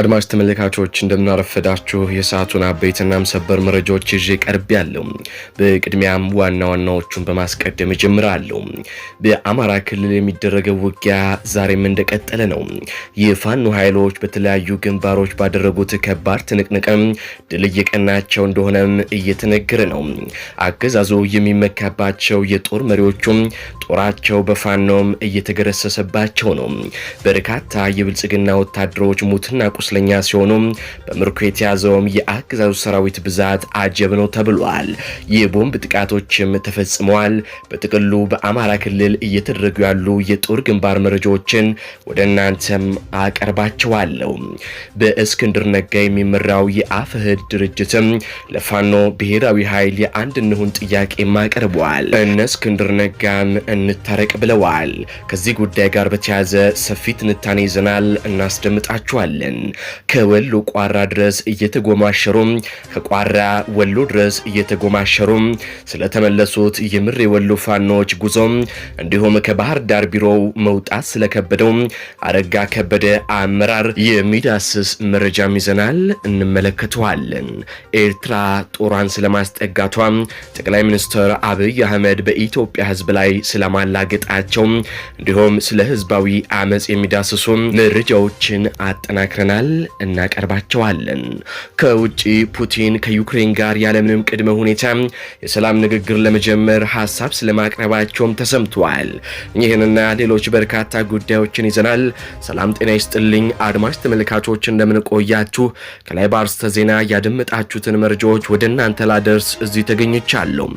አድማጭ ተመልካቾች እንደምናረፈዳችሁ የሰዓቱን አበይትና ሰበር መረጃዎች ይዤ ቀርብ ያለው። በቅድሚያም ዋና ዋናዎቹን በማስቀደም እጀምራለሁ። በአማራ ክልል የሚደረገው ውጊያ ዛሬም እንደቀጠለ ነው። የፋኖ ኃይሎች በተለያዩ ግንባሮች ባደረጉት ከባድ ትንቅንቅም ድል እየቀናቸው እንደሆነም እየተነገረ ነው። አገዛዙ የሚመካባቸው የጦር መሪዎቹም ጦራቸው በፋኖም እየተገረሰሰባቸው ነው። በርካታ የብልጽግና ወታደሮች ሙትና ቁስለኛ ሲሆኑ በምርኮ የተያዘውም የአገዛዙ ሰራዊት ብዛት አጀብ ነው ተብሏል። የቦምብ ጥቃቶችም ተፈጽመዋል። በጥቅሉ በአማራ ክልል እየተደረጉ ያሉ የጦር ግንባር መረጃዎችን ወደ እናንተም አቀርባቸዋለሁ። በእስክንድር ነጋ የሚመራው የአፈህድ ድርጅትም ለፋኖ ብሔራዊ ኃይል የአንድንሁን ጥያቄ ጥያቄም አቅርበዋል። እነ እስክንድር ነጋን እንታረቅ ብለዋል። ከዚህ ጉዳይ ጋር በተያያዘ ሰፊ ትንታኔ ይዘናል፣ እናስደምጣችኋለን። ከወሎ ቋራ ድረስ እየተጎማሸሩ ከቋራ ወሎ ድረስ እየተጎማሸሩ ስለተመለሱት የምር የወሎ ፋኖች ጉዞ እንዲሁም ከባህር ዳር ቢሮው መውጣት ስለከበደው አረጋ ከበደ አመራር የሚዳስስ መረጃም ይዘናል፣ እንመለከተዋለን። ኤርትራ ጦሯን ስለማስጠጋቷ ጠቅላይ ሚኒስትር አብይ አህመድ በኢትዮጵያ ህዝብ ላይ ስለማላገጣቸው እንዲሁም ስለ ህዝባዊ አመፅ የሚዳስሱ መረጃዎችን አጠናክረናል። ይዘናል እናቀርባቸዋለን። ከውጭ ፑቲን ከዩክሬን ጋር ያለምንም ቅድመ ሁኔታ የሰላም ንግግር ለመጀመር ሀሳብ ስለማቅረባቸውም ተሰምተዋል ይህንና ሌሎች በርካታ ጉዳዮችን ይዘናል። ሰላም ጤና ይስጥልኝ አድማጭ ተመልካቾች፣ እንደምንቆያችሁ ከላይ በአርስተ ዜና ያደመጣችሁትን መረጃዎች ወደ እናንተ ላደርስ እዚህ ተገኝቻለሁ።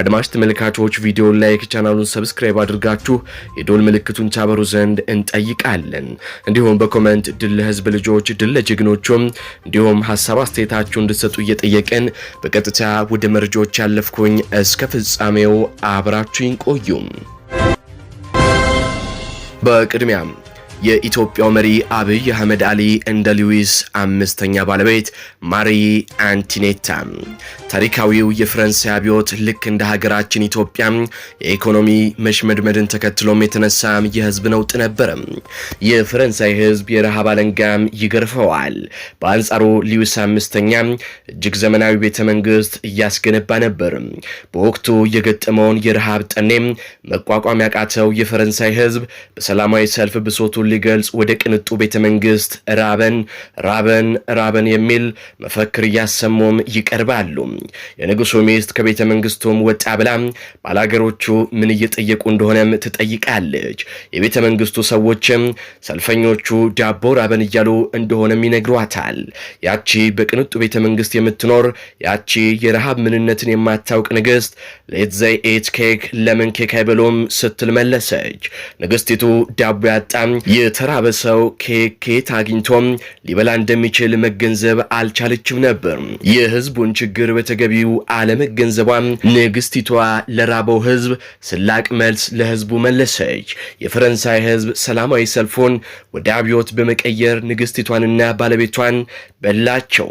አድማጭ ተመልካቾች ቪዲዮ ላይክ፣ ቻናሉን ሰብስክራይብ አድርጋችሁ የዶል ምልክቱን ታበሩ ዘንድ እንጠይቃለን። እንዲሁም በኮመንት ድል ለህዝብ ልጆች ቤተሰቦች ድል ለጀግኖቹም፣ እንዲሁም ሀሳብ አስተያየታችሁ እንድትሰጡ እየጠየቅን በቀጥታ ወደ መረጃዎች ያለፍኩኝ፣ እስከ ፍጻሜው አብራችሁን ቆዩም። በቅድሚያም የኢትዮጵያው መሪ አብይ አህመድ አሊ እንደ ሉዊስ አምስተኛ ባለቤት ማሪ አንቲኔታ ታሪካዊው የፈረንሳይ አብዮት ልክ እንደ ሀገራችን ኢትዮጵያ የኢኮኖሚ መሽመድመድን ተከትሎም የተነሳ የህዝብ ነውጥ ነበረ። የፈረንሳይ ህዝብ የረሃብ አለንጋም ይገርፈዋል። በአንጻሩ ሉዊስ አምስተኛ እጅግ ዘመናዊ ቤተ መንግስት እያስገነባ ነበር። በወቅቱ የገጠመውን የረሃብ ጠኔም መቋቋም ያቃተው የፈረንሳይ ህዝብ በሰላማዊ ሰልፍ ብሶቱን ሊገልጽ ወደ ቅንጡ ቤተ መንግስት ራበን ራበን ራበን የሚል መፈክር እያሰሙም ይቀርባሉ። የንጉሱ ሚስት ከቤተ መንግስቱም ወጣ ብላ ባላገሮቹ ምን እየጠየቁ እንደሆነም ትጠይቃለች። የቤተ መንግስቱ ሰዎችም ሰልፈኞቹ ዳቦ ራበን እያሉ እንደሆነም ይነግሯታል። ያቺ በቅንጡ ቤተ መንግስት የምትኖር ያቺ የረሃብ ምንነትን የማታውቅ ንግስት ሌት ኤት ኬክ ለምን ኬክ አይበሉም ስትል መለሰች። ንግስቲቱ ዳቦ ያጣም የተራበ ሰው ኬክ ከየት አግኝቶም ሊበላ እንደሚችል መገንዘብ አልቻለችም ነበር። የህዝቡን ችግር በተገቢው አለመገንዘቧ ንግስቲቷ ለራበው ህዝብ ስላቅ መልስ ለህዝቡ መለሰች። የፈረንሳይ ህዝብ ሰላማዊ ሰልፉን ወደ አብዮት በመቀየር ንግስቲቷንና ባለቤቷን በላቸው።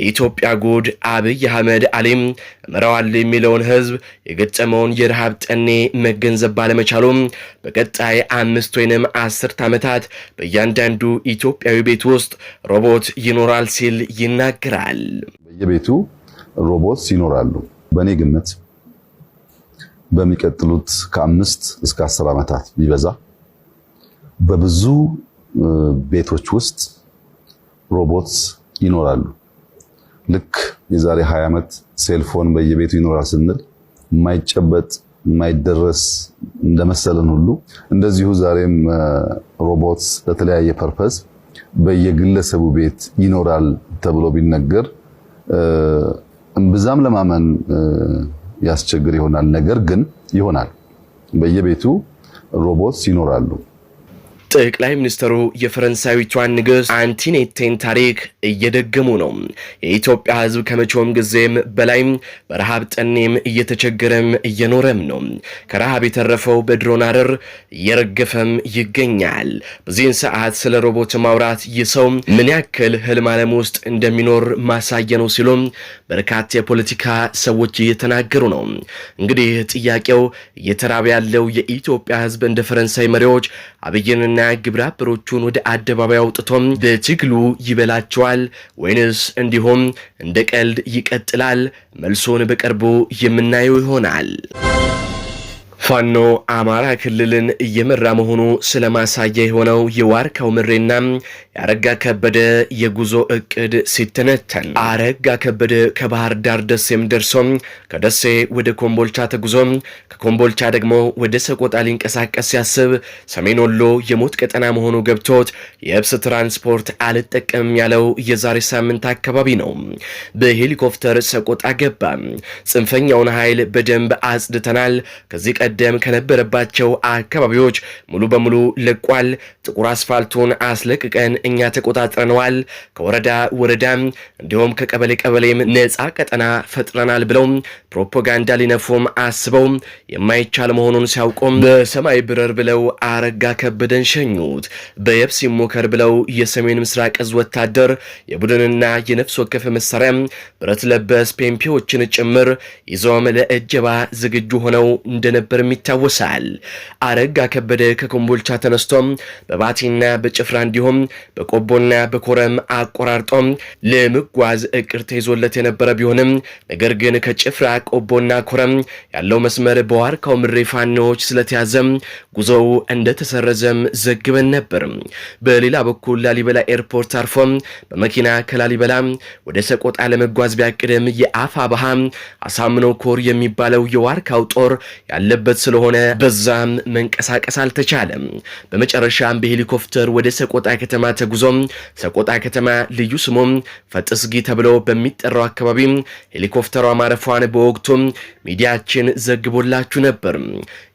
የኢትዮጵያ ጉድ አብይ አህመድ አሊም እመራዋለሁ የሚለውን ህዝብ የገጠመውን የረሃብ ጠኔ መገንዘብ ባለመቻሉም በቀጣይ አምስት ወይንም አስርት ዓመታት በእያንዳንዱ ኢትዮጵያዊ ቤት ውስጥ ሮቦት ይኖራል ሲል ይናገራል። በየቤቱ ሮቦት ይኖራሉ። በእኔ ግምት በሚቀጥሉት ከአምስት እስከ አስር ዓመታት ቢበዛ በብዙ ቤቶች ውስጥ ሮቦት ይኖራሉ ልክ የዛሬ 20 ዓመት ሴልፎን በየቤቱ ይኖራል ስንል የማይጨበጥ የማይደረስ እንደመሰለን ሁሉ እንደዚሁ ዛሬም ሮቦትስ ለተለያየ ፐርፐስ በየግለሰቡ ቤት ይኖራል ተብሎ ቢነገር እምብዛም ለማመን ያስቸግር ይሆናል። ነገር ግን ይሆናል። በየቤቱ ሮቦትስ ይኖራሉ። ጠቅላይ ሚኒስትሩ የፈረንሳዊቷን ንግሥት አንቲኔቴን ታሪክ እየደገሙ ነው። የኢትዮጵያ ሕዝብ ከመቼውም ጊዜም በላይ በረሃብ ጠኔም እየተቸገረም እየኖረም ነው። ከረሃብ የተረፈው በድሮን አረር እየረገፈም ይገኛል። በዚህን ሰዓት ስለ ሮቦት ማውራት ይሰው ምን ያክል ህልም ዓለም ውስጥ እንደሚኖር ማሳየ ነው ሲሉ በርካታ የፖለቲካ ሰዎች እየተናገሩ ነው። እንግዲህ ጥያቄው እየተራበ ያለው የኢትዮጵያ ሕዝብ እንደ ፈረንሳይ መሪዎች አብይንን ብልጽግና ግብረ አበሮቹን ወደ አደባባይ አውጥቶም በትግሉ ይበላቸዋል ወይንስ እንዲሁም እንደ ቀልድ ይቀጥላል? መልሶን በቅርቡ የምናየው ይሆናል። ፋኖ አማራ ክልልን እየመራ መሆኑ ስለማሳያ የሆነው የዋርካው ምሬና የአረጋ ከበደ የጉዞ እቅድ ሲተነተን አረጋ ከበደ ከባህር ዳር ደሴም ደርሶ ከደሴ ወደ ኮምቦልቻ ተጉዞ ከኮምቦልቻ ደግሞ ወደ ሰቆጣ ሊንቀሳቀስ ሲያስብ ሰሜን ወሎ የሞት ቀጠና መሆኑ ገብቶት የብስ ትራንስፖርት አልጠቀምም ያለው የዛሬ ሳምንት አካባቢ ነው። በሄሊኮፕተር ሰቆጣ ገባ። ጽንፈኛውን ኃይል በደንብ አጽድተናል ከዚህ ቀደም ከነበረባቸው አካባቢዎች ሙሉ በሙሉ ልቋል ጥቁር አስፋልቱን አስለቅቀን እኛ ተቆጣጥረነዋል። ከወረዳ ወረዳም እንዲሁም ከቀበሌ ቀበሌም ነፃ ቀጠና ፈጥረናል ብለው ፕሮፓጋንዳ ሊነፉም አስበው የማይቻል መሆኑን ሲያውቁም በሰማይ ብረር ብለው አረጋ ከበደን ሸኙት። በየብስ ይሞከር ብለው የሰሜን ምስራቅ እዝ ወታደር የቡድንና የነፍስ ወከፍ መሳሪያ ብረት ለበስ ፔምፔዎችን ጭምር ይዞም ለእጀባ ዝግጁ ሆነው እንደነበር እንደነበርም ይታወሳል። አረጋ ከበደ ከኮምቦልቻ ተነስቶም በባቲና በጭፍራ እንዲሁም በቆቦና በኮረም አቆራርጦም ለመጓዝ እቅድ ተይዞለት የነበረ ቢሆንም ነገር ግን ከጭፍራ ቆቦና ኮረም ያለው መስመር በዋርካው ምድር ፋኖዎች ስለተያዘም ጉዞው እንደተሰረዘም ዘግበን ነበር። በሌላ በኩል ላሊበላ ኤርፖርት አርፎም በመኪና ከላሊበላ ወደ ሰቆጣ ለመጓዝ ቢያቅድም የአፋ ባሃ አሳምኖ ኮር የሚባለው የዋርካው ጦር ያለበት ያለበት ስለሆነ በዛም መንቀሳቀስ አልተቻለም። በመጨረሻም በሄሊኮፕተር ወደ ሰቆጣ ከተማ ተጉዞም ሰቆጣ ከተማ ልዩ ስሙም ፈጥስጊ ተብሎ በሚጠራው አካባቢ ሄሊኮፕተሯ ማረፏን በወቅቱም ሚዲያችን ዘግቦላችሁ ነበር።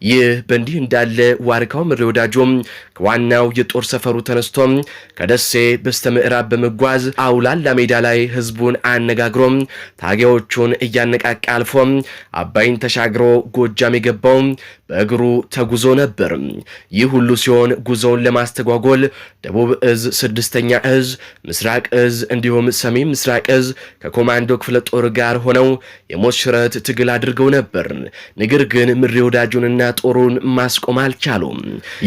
ይህ በእንዲህ እንዳለ ዋርካው ምሬ ወዳጆም ከዋናው የጦር ሰፈሩ ተነስቶም ከደሴ በስተ ምዕራብ በመጓዝ አውላላ ሜዳ ላይ ህዝቡን አነጋግሮም ታጋዮቹን እያነቃቃ አልፎም አባይን ተሻግሮ ጎጃም የገባው በእግሩ ተጉዞ ነበር። ይህ ሁሉ ሲሆን ጉዞውን ለማስተጓጎል ደቡብ እዝ ስድስተኛ እዝ፣ ምስራቅ እዝ እንዲሁም ሰሜን ምስራቅ እዝ ከኮማንዶ ክፍለ ጦር ጋር ሆነው የሞት ሽረት ትግል አድርገው ነበር። ነገር ግን ምሪ ወዳጁንና ጦሩን ማስቆም አልቻሉም።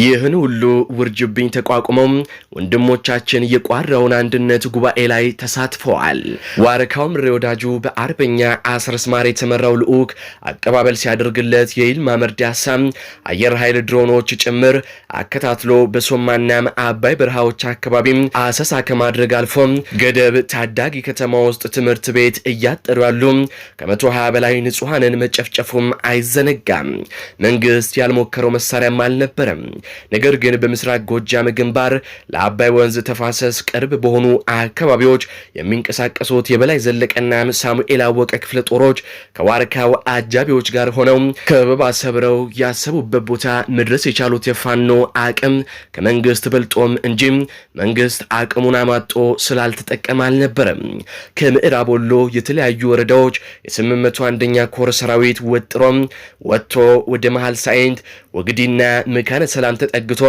ይህን ሁሉ ውርጅብኝ ተቋቁመው ወንድሞቻችን የቋራውን አንድነት ጉባኤ ላይ ተሳትፈዋል። ዋርካው ምሬ ወዳጁ በአርበኛ አስረስማር የተመራው ልዑክ አቀባበል ሲያደርግለት የይልማ መርዳሳ አየር ኃይል ድሮኖች ጭምር አከታትሎ በሶማና አባይ በረሃዎች አካባቢ አሰሳ ከማድረግ አልፎ ገደብ ታዳጊ ከተማ ውስጥ ትምህርት ቤት እያጠሩ ያሉ ከመቶ ሀያ በላይ ንጹሐንን መጨፍጨፉም አይዘነጋም። መንግስት ያልሞከረው መሳሪያም አልነበረም። ነገር ግን በምስራቅ ጎጃም ግንባር ለአባይ ወንዝ ተፋሰስ ቅርብ በሆኑ አካባቢዎች የሚንቀሳቀሱት የበላይ ዘለቀና ሳሙኤል አወቀ ክፍለ ጦሮች ከዋርካው አጃቢዎች ጋር ሆነው ከበባ ሰብረው ያሰቡበት ቦታ መድረስ የቻሉት የፋኖ አቅም ከመንግስት በልጦም እንጂ መንግስት አቅሙን አማጦ ስላልተጠቀመ አልነበረም። ከምዕራብ ወሎ የተለያዩ ወረዳዎች የ አንደኛ ኛ ኮር ሰራዊት ወጥሮም ወጥቶ ወደ መሃል ሳይንት ወግዲና መካነ ሰላም ተጠግቶ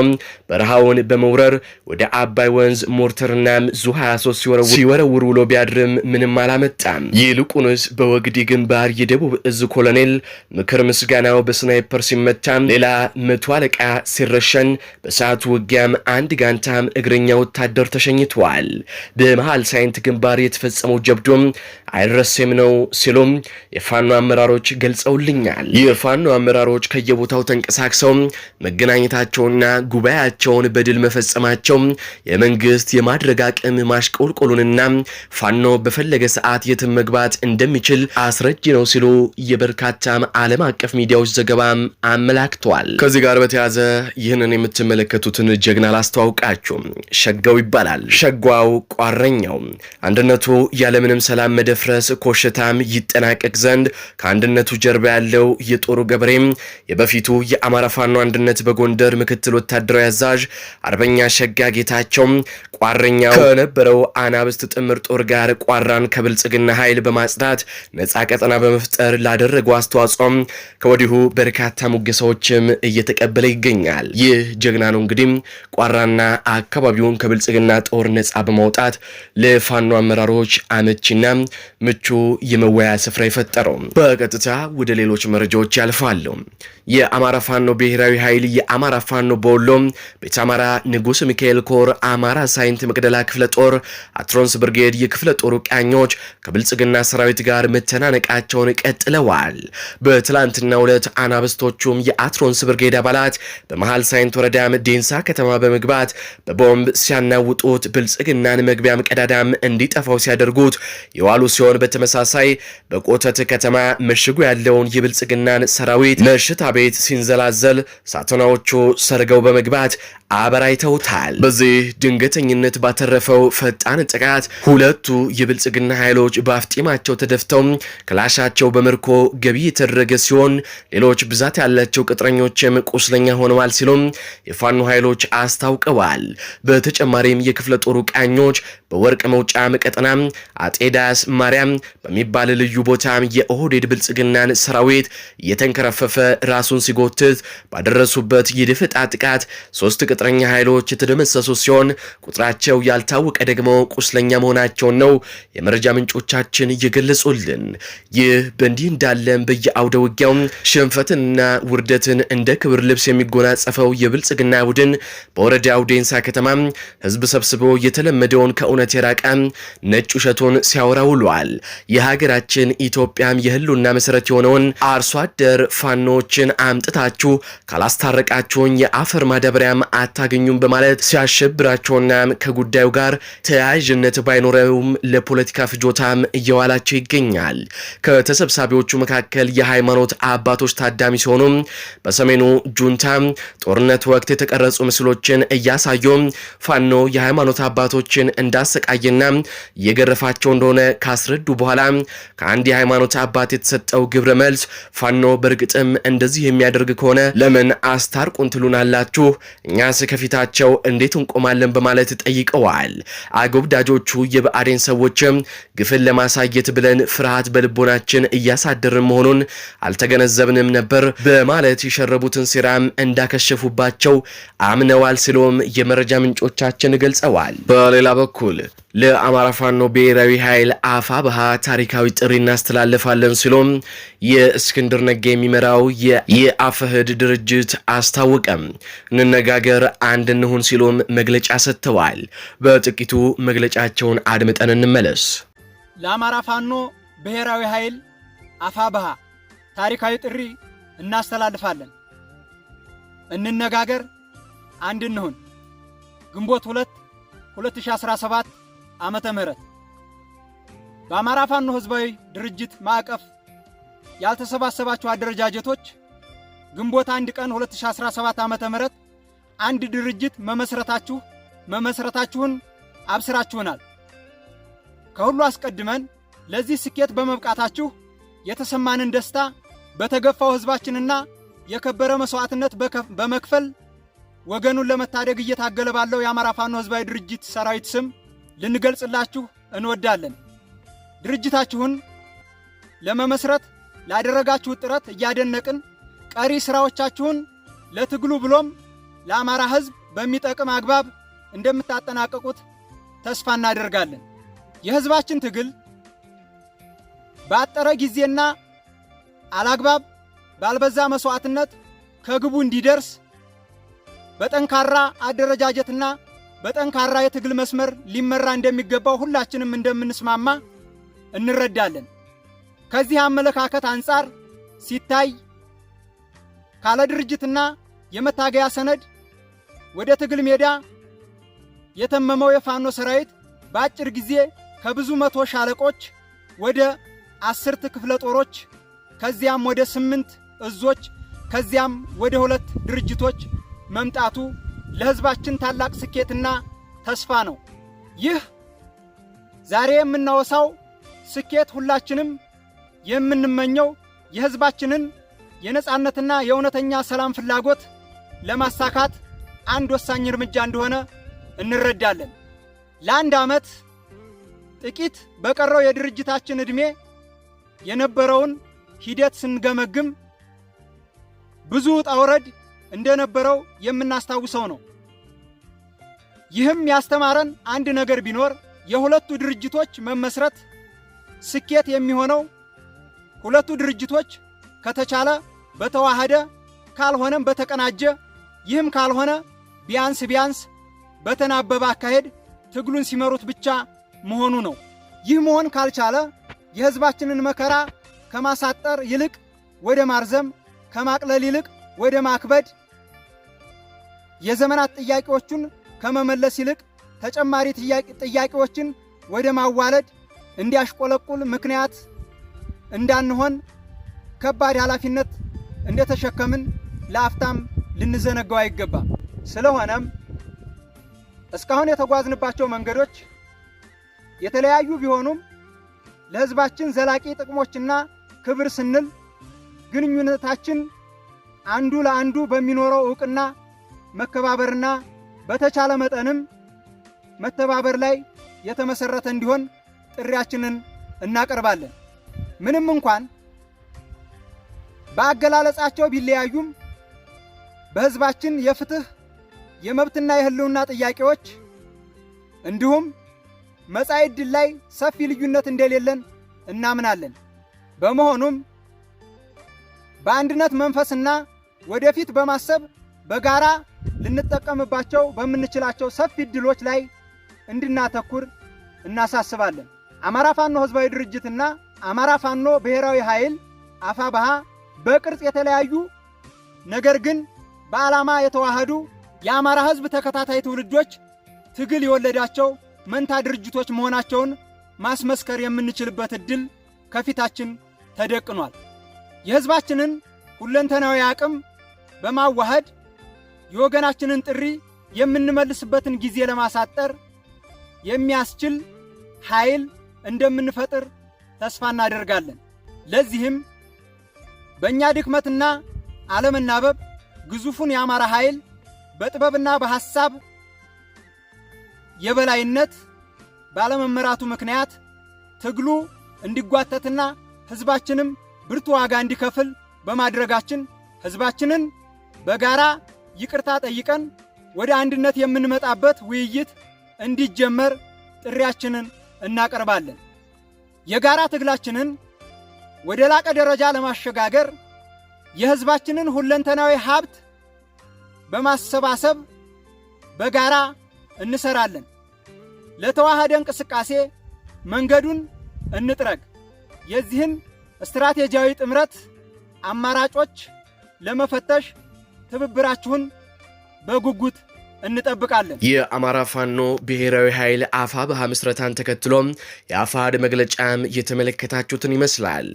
በረሃውን በመውረር ወደ አባይ ወንዝ ሞርተርና ዙ 23 ሲወረውር ውሎ ቢያድርም ምንም አላመጣም። ይልቁንስ በወግዲ ግንባር የደቡብ እዝ ኮሎኔል ምክር ምስጋናው በስ ስናይፐር ሲመታ ሌላ መቶ አለቃ ሲረሸን በሰዓቱ ውጊያም አንድ ጋንታም እግረኛ ወታደር ተሸኝተዋል። በመሃል ሳይንት ግንባር የተፈጸመው ጀብዶም አይረሴም ነው ሲሉም የፋኖ አመራሮች ገልጸውልኛል። የፋኖ አመራሮች ከየቦታው ተንቀሳቅሰው መገናኘታቸውና ጉባኤያቸውን በድል መፈጸማቸው የመንግስት የማድረግ አቅም ማሽቆልቆሉንና ፋኖ በፈለገ ሰዓት የትም መግባት እንደሚችል አስረጅ ነው ሲሉ የበርካታም ዓለም አቀፍ ሚዲያዎች ዘገባ ዘገባም አመላክቷል። ከዚህ ጋር በተያዘ ይህንን የምትመለከቱትን ጀግና ላስተዋውቃችሁ። ሸጋው ይባላል። ሸጓው ቋረኛው አንድነቱ ያለምንም ሰላም መደፍረስ ኮሽታም ይጠናቀቅ ዘንድ ከአንድነቱ ጀርባ ያለው የጦሩ ገበሬም የበፊቱ የአማራ ፋኖ አንድነት በጎንደር ምክትል ወታደራዊ አዛዥ አርበኛ ሸጋ ጌታቸው ቋረኛው ከነበረው አናብስት ጥምር ጦር ጋር ቋራን ከብልጽግና ኃይል በማጽዳት ነፃ ቀጠና በመፍጠር ላደረገው አስተዋጽኦም ከወዲሁ በ በርካታ ሙገሳዎችም እየተቀበለ ይገኛል። ይህ ጀግና ነው እንግዲህ ቋራና አካባቢውን ከብልጽግና ጦር ነፃ በማውጣት ለፋኖ አመራሮች አመቺና ምቹ የመወያ ስፍራ የፈጠረው። በቀጥታ ወደ ሌሎች መረጃዎች ያልፋሉ። የአማራ ፋኖ ብሔራዊ ኃይል የአማራ ፋኖ በወሎ ቤተ አማራ ንጉሥ ሚካኤል ኮር አማራ ሳይንት መቅደላ ክፍለ ጦር አትሮንስ ብርጌድ የክፍለ ጦሩ ቃኞች ከብልጽግና ሰራዊት ጋር መተናነቃቸውን ቀጥለዋል። በትላንትና ሁለት አና አናብስቶቹም የአትሮንስ ብርጌድ አባላት በመሃል ሳይንት ወረዳም ዴንሳ ከተማ በመግባት በቦምብ ሲያናውጡት ብልጽግናን መግቢያም ቀዳዳም እንዲጠፋው ሲያደርጉት የዋሉ ሲሆን በተመሳሳይ በቆተት ከተማ ምሽጉ ያለውን የብልጽግናን ሰራዊት መሽታ ቤት ሲንዘላዘል ሳተናዎቹ ሰርገው በመግባት አበራይተውታል። በዚህ ድንገተኝነት ባተረፈው ፈጣን ጥቃት ሁለቱ የብልጽግና ኃይሎች በአፍጢማቸው ተደፍተው ክላሻቸው በምርኮ ገቢ የተደረገ ሲሆን ሌሎች ብዛት ያላቸው ቅጥረኞችም ቁስለኛ ሆነዋል ሲሉም የፋኖ ኃይሎች አስታውቀዋል። በተጨማሪም የክፍለ ጦሩ ቃኞች በወርቅ መውጫ ቀጠና አጤዳስ ማርያም በሚባል ልዩ ቦታ የኦህዴድ ብልጽግናን ሰራዊት እየተንከረፈፈ ራሱን ሲጎትት ባደረሱበት የደፈጣ ጥቃት ሶስት ቅጥረኛ ኃይሎች የተደመሰሱ ሲሆን ቁጥራቸው ያልታወቀ ደግሞ ቁስለኛ መሆናቸውን ነው የመረጃ ምንጮቻችን እየገለጹልን። ይህ በእንዲህ እንዳለም በየአውደ ውጊያው ሽንፈትን ሽንፈትንና ውርደትን እንደ ክብር ልብስ የሚጎናጸፈው የብልጽግና ቡድን በወረዳው ዴንሳ ከተማ ህዝብ ሰብስቦ የተለመደውን ከእውነት የራቀ ነጭ ውሸቱን ሲያወራ ውሏል። የሀገራችን ኢትዮጵያም የህልውና መሰረት የሆነውን አርሶ አደር ፋኖችን አምጥታችሁ ካላስታረቃችሁን የአፈር ማዳበሪያም አታገኙም በማለት ሲያሸብራቸውና ከጉዳዩ ጋር ተያያዥነት ባይኖረውም ለፖለቲካ ፍጆታም እየዋላቸው ይገኛል። ከተሰብሳቢዎቹ መካከል የሃይማኖት አባቶች ታዳ ተደጋጋሚ ሲሆኑ በሰሜኑ ጁንታ ጦርነት ወቅት የተቀረጹ ምስሎችን እያሳዩ ፋኖ የሃይማኖት አባቶችን እንዳሰቃየና እየገረፋቸው እንደሆነ ካስረዱ በኋላ ከአንድ የሃይማኖት አባት የተሰጠው ግብረ መልስ ፋኖ በእርግጥም እንደዚህ የሚያደርግ ከሆነ ለምን አስታርቁን ትሉናላችሁ? እኛስ ከፊታቸው እንዴት እንቆማለን? በማለት ጠይቀዋል። አጎብዳጆቹ የብአዴን ሰዎችም ግፍን ለማሳየት ብለን ፍርሃት በልቦናችን እያሳደርን መሆኑን አልተገነዘብንም ነበር ነበር በማለት የሸረቡትን ሴራም እንዳከሸፉባቸው አምነዋል ሲሉም የመረጃ ምንጮቻችን ገልጸዋል። በሌላ በኩል ለአማራ ፋኖ ብሔራዊ ኃይል አፋ ባሃ ታሪካዊ ጥሪ እናስተላልፋለን ሲሎም የእስክንድር ነጋ የሚመራው የአፈህድ ድርጅት አስታወቀም። እንነጋገር አንድ እንሁን ሲሎም መግለጫ ሰጥተዋል። በጥቂቱ መግለጫቸውን አድምጠን እንመለስ። ለአማራ ፋኖ ብሔራዊ ኃይል አፋ ባሃ ታሪካዊ ጥሪ እናስተላልፋለን። እንነጋገር፣ አንድ እንሁን። ግንቦት 2 2017 ዓመተ ምህረት በአማራ ፋኖ ህዝባዊ ድርጅት ማዕቀፍ ያልተሰባሰባችሁ አደረጃጀቶች ግንቦት አንድ ቀን 2017 ዓመተ ምህረት አንድ ድርጅት መመስረታችሁ መመስረታችሁን አብስራችሁናል። ከሁሉ አስቀድመን ለዚህ ስኬት በመብቃታችሁ የተሰማንን ደስታ በተገፋው ሕዝባችንና የከበረ መስዋዕትነት በመክፈል ወገኑን ለመታደግ እየታገለ ባለው የአማራ ፋኖ ህዝባዊ ድርጅት ሰራዊት ስም ልንገልጽላችሁ እንወዳለን። ድርጅታችሁን ለመመስረት ላደረጋችሁ ጥረት እያደነቅን ቀሪ ስራዎቻችሁን ለትግሉ ብሎም ለአማራ ህዝብ በሚጠቅም አግባብ እንደምታጠናቀቁት ተስፋ እናደርጋለን። የህዝባችን ትግል ባጠረ ጊዜና አላግባብ ባልበዛ መሥዋዕትነት ከግቡ እንዲደርስ በጠንካራ አደረጃጀትና በጠንካራ የትግል መስመር ሊመራ እንደሚገባው ሁላችንም እንደምንስማማ እንረዳለን። ከዚህ አመለካከት አንጻር ሲታይ ካለ ድርጅትና የመታገያ ሰነድ ወደ ትግል ሜዳ የተመመው የፋኖ ሰራዊት በአጭር ጊዜ ከብዙ መቶ ሻለቆች ወደ አስርት ክፍለ ጦሮች ከዚያም ወደ ስምንት እዞች ከዚያም ወደ ሁለት ድርጅቶች መምጣቱ ለሕዝባችን ታላቅ ስኬትና ተስፋ ነው። ይህ ዛሬ የምናወሳው ስኬት ሁላችንም የምንመኘው የሕዝባችንን የነጻነትና የእውነተኛ ሰላም ፍላጎት ለማሳካት አንድ ወሳኝ እርምጃ እንደሆነ እንረዳለን። ለአንድ ዓመት ጥቂት በቀረው የድርጅታችን ዕድሜ የነበረውን ሂደት ስንገመግም ብዙ ውጣ ውረድ እንደነበረው የምናስታውሰው ነው። ይህም ያስተማረን አንድ ነገር ቢኖር የሁለቱ ድርጅቶች መመስረት ስኬት የሚሆነው ሁለቱ ድርጅቶች ከተቻለ በተዋሃደ ካልሆነም በተቀናጀ ይህም ካልሆነ ቢያንስ ቢያንስ በተናበበ አካሄድ ትግሉን ሲመሩት ብቻ መሆኑ ነው። ይህ መሆን ካልቻለ የሕዝባችንን መከራ ከማሳጠር ይልቅ ወደ ማርዘም፣ ከማቅለል ይልቅ ወደ ማክበድ፣ የዘመናት ጥያቄዎቹን ከመመለስ ይልቅ ተጨማሪ ጥያቄዎችን ወደ ማዋለድ እንዲያሽቆለቁል ምክንያት እንዳንሆን ከባድ ኃላፊነት እንደተሸከምን ለአፍታም ልንዘነጋው አይገባም። ስለሆነም እስካሁን የተጓዝንባቸው መንገዶች የተለያዩ ቢሆኑም ለሕዝባችን ዘላቂ ጥቅሞችና ክብር ስንል ግንኙነታችን አንዱ ለአንዱ በሚኖረው እውቅና መከባበርና በተቻለ መጠንም መተባበር ላይ የተመሰረተ እንዲሆን ጥሪያችንን እናቀርባለን። ምንም እንኳን በአገላለጻቸው ቢለያዩም በሕዝባችን የፍትህ የመብትና የህልውና ጥያቄዎች እንዲሁም መጻኢ ዕድል ላይ ሰፊ ልዩነት እንደሌለን እናምናለን። በመሆኑም በአንድነት መንፈስና ወደፊት በማሰብ በጋራ ልንጠቀምባቸው በምንችላቸው ሰፊ እድሎች ላይ እንድናተኩር እናሳስባለን። አማራ ፋኖ ህዝባዊ ድርጅትና አማራ ፋኖ ብሔራዊ ኃይል አፋብኃ በቅርጽ የተለያዩ ነገር ግን በዓላማ የተዋሃዱ የአማራ ህዝብ ተከታታይ ትውልዶች ትግል የወለዳቸው መንታ ድርጅቶች መሆናቸውን ማስመስከር የምንችልበት እድል ከፊታችን ተደቅኗል። የሕዝባችንን ሁለንተናዊ አቅም በማዋሃድ የወገናችንን ጥሪ የምንመልስበትን ጊዜ ለማሳጠር የሚያስችል ኃይል እንደምንፈጥር ተስፋ እናደርጋለን። ለዚህም በእኛ ድክመትና አለመናበብ ግዙፉን የአማራ ኃይል በጥበብና በሐሳብ የበላይነት ባለመመራቱ ምክንያት ትግሉ እንዲጓተትና ሕዝባችንም ብርቱ ዋጋ እንዲከፍል በማድረጋችን ሕዝባችንን በጋራ ይቅርታ ጠይቀን ወደ አንድነት የምንመጣበት ውይይት እንዲጀመር ጥሪያችንን እናቀርባለን። የጋራ ትግላችንን ወደ ላቀ ደረጃ ለማሸጋገር የሕዝባችንን ሁለንተናዊ ሀብት በማሰባሰብ በጋራ እንሰራለን። ለተዋሃደ እንቅስቃሴ መንገዱን እንጥረግ። የዚህን ስትራቴጂያዊ ጥምረት አማራጮች ለመፈተሽ ትብብራችሁን በጉጉት እንጠብቃለን። የአማራ ፋኖ ብሔራዊ ኃይል አፋብኃ ምስረታን ተከትሎ የአፋድ መግለጫም የተመለከታችሁትን ይመስላል።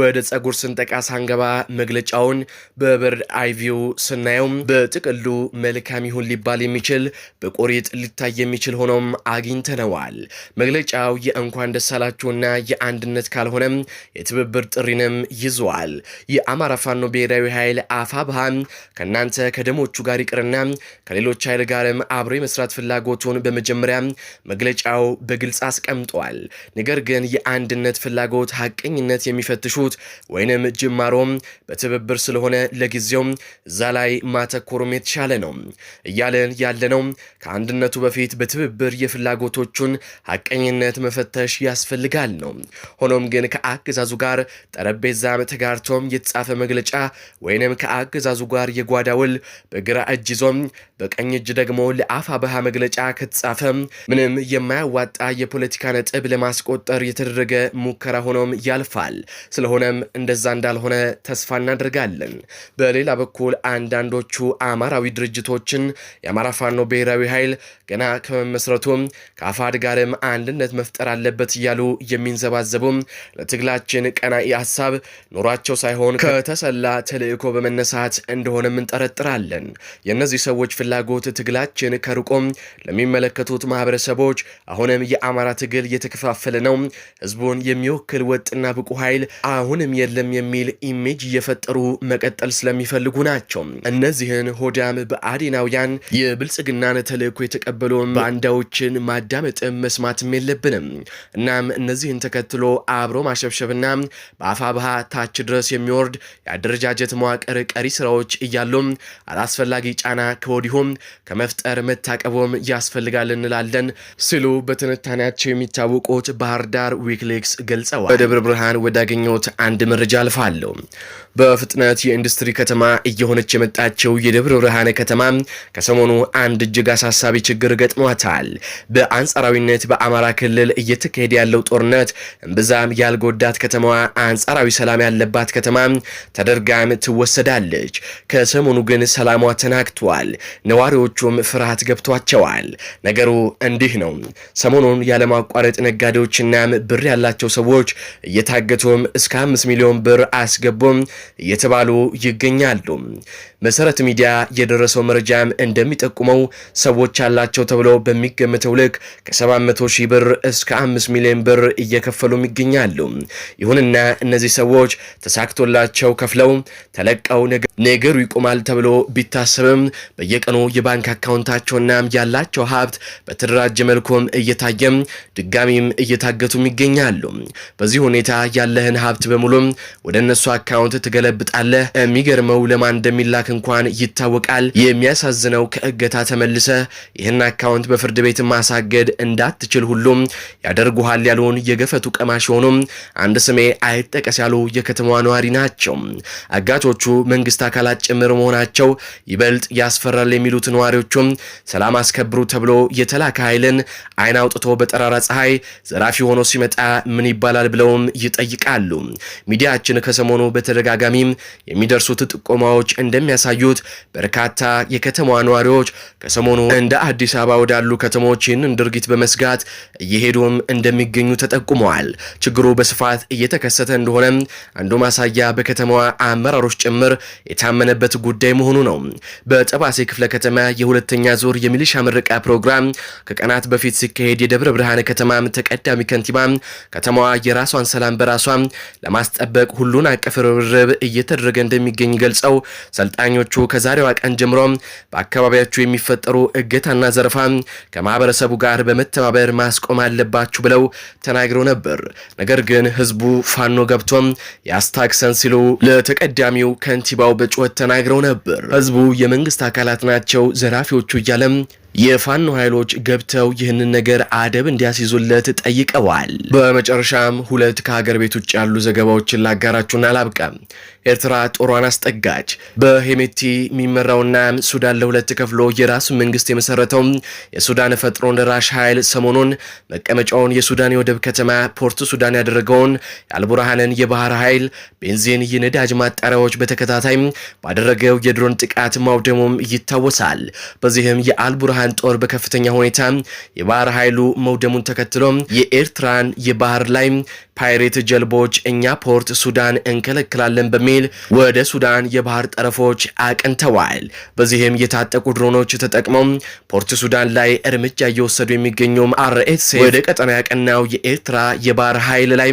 ወደ ጸጉር ስንጠቃ ሳንገባ መግለጫውን በበርድ አይቪው ስናየውም በጥቅሉ መልካም ይሁን ሊባል የሚችል በቆሪጥ ሊታይ የሚችል ሆኖም አግኝተነዋል። መግለጫው የእንኳን ደስ አላችሁና የአንድነት ካልሆነም የትብብር ጥሪንም ይዟል። የአማራ ፋኖ ብሔራዊ ኃይል አፋ አፋብኃ ከእናንተ ከደሞቹ ጋር ይቅርና ከሌሎች ኃይል ጋርም አብሮ የመስራት ፍላጎቱን በመጀመሪያ መግለጫው በግልጽ አስቀምጧል። ነገር ግን የአንድነት ፍላጎት ሀቀኝነት የሚፈትሹት ወይንም ጅማሮም በትብብር ስለሆነ ለጊዜው እዛ ላይ ማተኮሩም የተሻለ ነው እያለን ያለነው ከአንድነቱ በፊት በትብብር የፍላጎቶቹን ሀቀኝነት መፈተሽ ያስፈልጋል ነው። ሆኖም ግን ከአገዛዙ ጋር ጠረጴዛም ተጋርቶም የተጻፈ መግለጫ ወይንም ከአገዛዙ ጋር የጓዳ ውል በግራ እጅ ይዞም በቀኝ እጅ ደግሞ ለአፋብኃ መግለጫ ከተጻፈ ምንም የማያዋጣ የፖለቲካ ነጥብ ለማስቆጠር የተደረገ ሙከራ ሆኖም ያልፋል። ስለሆነም እንደዛ እንዳልሆነ ተስፋ እናደርጋለን። በሌላ በኩል አንዳንዶቹ አማራዊ ድርጅቶችን የአማራ ፋኖ ብሔራዊ ኃይል ገና ከመመስረቱም ከአፋድ ጋርም አንድነት መፍጠር አለበት እያሉ የሚንዘባዘቡም ለትግላችን ቀናኢ ሀሳብ ኑሯቸው ሳይሆን ከተሰላ ተልእኮ በመነሳት እንደሆነም እንጠረጥራለን። የእነዚህ ሰዎች ፍላጎት ትግላችን ከሩቆም ለሚመለከቱት ማህበረሰቦች አሁንም የአማራ ትግል እየተከፋፈለ ነው፣ ህዝቡን የሚወክል ወጥና ብቁ ኃይል አሁንም የለም የሚል ኢሜጅ እየፈጠሩ መቀጠል ስለሚፈልጉ ናቸው። እነዚህን ሆዳም በአዴናውያን የብልጽግናን ተልእኮ የተቀበሉ ባንዳዎችን ማዳመጥም መስማትም የለብንም። እናም እነዚህን ተከትሎ አብሮ ማሸብሸብና በአፋብሃ ታች ድረስ የሚወርድ የአደረጃጀት መዋቅር ቀሪ ስራዎች እያሉ አላስፈላጊ ጫና ከወዲሁም ከመፍጠር መታቀቦም ያስፈልጋል እንላለን ሲሉ በትንታኔያቸው የሚታወቁት ባህር ዳር ዊክሊክስ ገልጸዋል። በደብረ ብርሃን ወዳገኘሁት አንድ መረጃ አልፋለሁ። በፍጥነት የኢንዱስትሪ ከተማ እየሆነች የመጣቸው የደብረ ብርሃን ከተማ ከሰሞኑ አንድ እጅግ አሳሳቢ ችግር ገጥሟታል። በአንጻራዊነት በአማራ ክልል እየተካሄደ ያለው ጦርነት እምብዛም ያልጎዳት ከተማዋ አንጻራዊ ሰላም ያለባት ከተማ ተደርጋም ትወሰዳለች። ከሰሞኑ ግን ሰላሟ ተናግቷል። ነዋሪዎቹ ነጋዴዎቹም ፍርሃት ገብቷቸዋል። ነገሩ እንዲህ ነው። ሰሞኑን ያለማቋረጥ ነጋዴዎችና ብር ያላቸው ሰዎች እየታገቱም እስከ አምስት ሚሊዮን ብር አያስገቡም እየተባሉ ይገኛሉ። መሰረት ሚዲያ የደረሰው መረጃም እንደሚጠቁመው ሰዎች ያላቸው ተብሎ በሚገመተው ልክ ከ700 ሺህ ብር እስከ 5 ሚሊዮን ብር እየከፈሉም ይገኛሉ። ይሁንና እነዚህ ሰዎች ተሳክቶላቸው ከፍለው ተለቀው ነገ ነገሩ ይቆማል ተብሎ ቢታሰብም በየቀኑ የባንክ አካውንታቸውና ያላቸው ሀብት በተደራጀ መልኩም እየታየም ድጋሚም እየታገቱም ይገኛሉ። በዚህ ሁኔታ ያለህን ሀብት በሙሉም ወደ እነሱ አካውንት ትገለብጣለህ። የሚገርመው ለማን እንደሚላክ እንኳን ይታወቃል። የሚያሳዝነው ከእገታ ተመልሰ ይህን አካውንት በፍርድ ቤት ማሳገድ እንዳትችል ሁሉም ያደርጉሃል ያሉን የገፈቱ ቀማሽ የሆኑም አንድ ስሜ አይጠቀስ ያሉ የከተማዋ ነዋሪ ናቸው። አጋቾቹ መንግስታ አካላት ጭምር መሆናቸው ይበልጥ ያስፈራል የሚሉት ነዋሪዎቹም ሰላም አስከብሩ ተብሎ የተላከ ኃይልን አይን አውጥቶ በጠራራ ፀሐይ ዘራፊ ሆኖ ሲመጣ ምን ይባላል ብለውም ይጠይቃሉ። ሚዲያችን ከሰሞኑ በተደጋጋሚም የሚደርሱት ጥቆማዎች እንደሚያሳዩት በርካታ የከተማዋ ነዋሪዎች ከሰሞኑ እንደ አዲስ አበባ ወዳሉ ከተሞች ይህንን ድርጊት በመስጋት እየሄዱም እንደሚገኙ ተጠቁመዋል። ችግሩ በስፋት እየተከሰተ እንደሆነም አንዱ ማሳያ በከተማዋ አመራሮች ጭምር የታመነበት ጉዳይ መሆኑ ነው። በጠባሴ ክፍለ ከተማ የሁለተኛ ዙር የሚሊሻ ምረቃ ፕሮግራም ከቀናት በፊት ሲካሄድ የደብረ ብርሃን ከተማ ተቀዳሚ ከንቲባ ከተማዋ የራሷን ሰላም በራሷ ለማስጠበቅ ሁሉን አቀፍ ርብርብ እየተደረገ እንደሚገኝ ገልጸው ሰልጣኞቹ ከዛሬዋ ቀን ጀምሮ በአካባቢያቸው የሚፈጠሩ እገታና ዘረፋ ከማህበረሰቡ ጋር በመተባበር ማስቆም አለባችሁ ብለው ተናግረው ነበር። ነገር ግን ህዝቡ ፋኖ ገብቶም ያስታክሰን ሲሉ ለተቀዳሚው ከንቲባው በጩኸት ተናግረው ነበር። ህዝቡ የመንግስት አካላት ናቸው ዘራፊዎቹ እያለም የፋኖ ኃይሎች ገብተው ይህንን ነገር አደብ እንዲያስይዙለት ጠይቀዋል። በመጨረሻም ሁለት ከሀገር ቤት ውጭ ያሉ ዘገባዎችን ላጋራችሁና አላብቀም። ኤርትራ ጦሯን አስጠጋች። በሄሜቲ የሚመራውና ሱዳን ለሁለት ከፍሎ የራሱ መንግስት የመሰረተው የሱዳን ፈጥኖ ደራሽ ኃይል ሰሞኑን መቀመጫውን የሱዳን የወደብ ከተማ ፖርት ሱዳን ያደረገውን የአልቡርሃንን የባህር ኃይል ቤንዚን፣ የነዳጅ ማጣሪያዎች በተከታታይ ባደረገው የድሮን ጥቃት ማውደሙም ይታወሳል። በዚህም የአልቡርሃን የኢራን ጦር በከፍተኛ ሁኔታ የባህር ኃይሉ መውደሙን ተከትሎ የኤርትራን የባህር ላይ ፓይሬት ጀልቦች እኛ ፖርት ሱዳን እንከለክላለን በሚል ወደ ሱዳን የባህር ጠረፎች አቅንተዋል። በዚህም የታጠቁ ድሮኖች ተጠቅመው ፖርት ሱዳን ላይ እርምጃ እየወሰዱ የሚገኘውም አርኤስኤፍ ወደ ቀጠና ያቀናው የኤርትራ የባህር ኃይል ላይ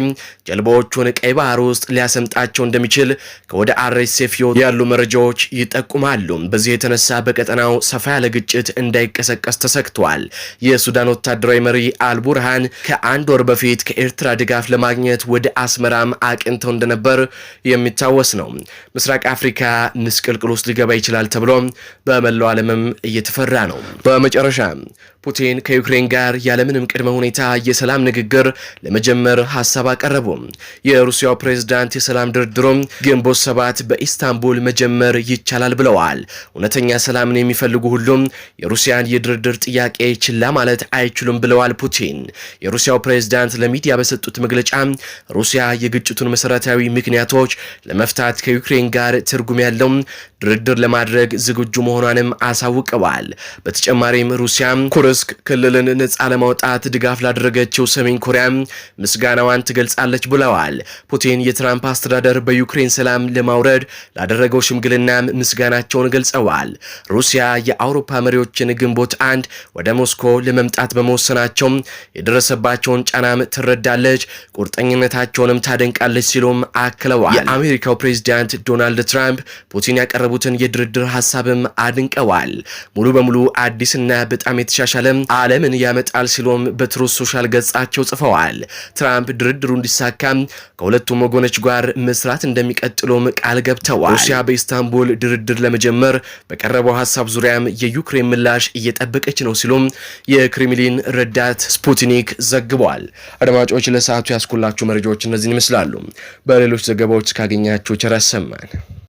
ጀልባዎቹን ቀይ ባህር ውስጥ ሊያሰምጣቸው እንደሚችል ከወደ አርኤስኤፍ ያሉ መረጃዎች ይጠቁማሉ። በዚህ የተነሳ በቀጠናው ሰፋ ያለ ግጭት እንዳይ እንደሚቀሰቀስ ተሰግቷል። የሱዳን ወታደራዊ መሪ አልቡርሃን ከአንድ ወር በፊት ከኤርትራ ድጋፍ ለማግኘት ወደ አስመራም አቅንተው እንደነበር የሚታወስ ነው። ምስራቅ አፍሪካ ምስቅልቅል ውስጥ ሊገባ ይችላል ተብሎ በመላው ዓለምም እየተፈራ ነው። በመጨረሻ ፑቲን ከዩክሬን ጋር ያለምንም ቅድመ ሁኔታ የሰላም ንግግር ለመጀመር ሀሳብ አቀረቡ። የሩሲያው ፕሬዝዳንት የሰላም ድርድሮም ግንቦት ሰባት በኢስታንቡል መጀመር ይቻላል ብለዋል። እውነተኛ ሰላምን የሚፈልጉ ሁሉም የሩሲያን የድርድር ጥያቄ ችላ ማለት አይችሉም ብለዋል ፑቲን። የሩሲያው ፕሬዝዳንት ለሚዲያ በሰጡት መግለጫ ሩሲያ የግጭቱን መሰረታዊ ምክንያቶች ለመፍታት ከዩክሬን ጋር ትርጉም ያለው ድርድር ለማድረግ ዝግጁ መሆኗንም አሳውቀዋል። በተጨማሪም ሩሲያም ኩርስክ ክልልን ነፃ ለማውጣት ድጋፍ ላደረገችው ሰሜን ኮሪያም ምስጋናዋን ትገልጻለች ብለዋል። ፑቲን የትራምፕ አስተዳደር በዩክሬን ሰላም ለማውረድ ላደረገው ሽምግልናም ምስጋናቸውን ገልጸዋል። ሩሲያ የአውሮፓ መሪዎችን ግንቦት አንድ ወደ ሞስኮ ለመምጣት በመወሰናቸው የደረሰባቸውን ጫናም ትረዳለች፣ ቁርጠኝነታቸውንም ታደንቃለች ሲሉም አክለዋል። የአሜሪካው ፕሬዚዳንት ዶናልድ ትራምፕ ፑቲን ያቀረቡ ያቀረቡትን የድርድር ሀሳብም አድንቀዋል። ሙሉ በሙሉ አዲስና በጣም የተሻሻለ ዓለምን ያመጣል ሲሎም በትሩዝ ሶሻል ገጻቸው ጽፈዋል። ትራምፕ ድርድሩ እንዲሳካም ከሁለቱም ወገኖች ጋር መስራት እንደሚቀጥሉም ቃል ገብተዋል። ሩሲያ በኢስታንቡል ድርድር ለመጀመር በቀረበው ሀሳብ ዙሪያም የዩክሬን ምላሽ እየጠበቀች ነው ሲሉም የክሬምሊን ረዳት ስፑትኒክ ዘግቧል። አድማጮች ለሰዓቱ ያስኩላችሁ መረጃዎች እነዚህን ይመስላሉ። በሌሎች ዘገባዎች ካገኛችሁ ቸር ያሰማን።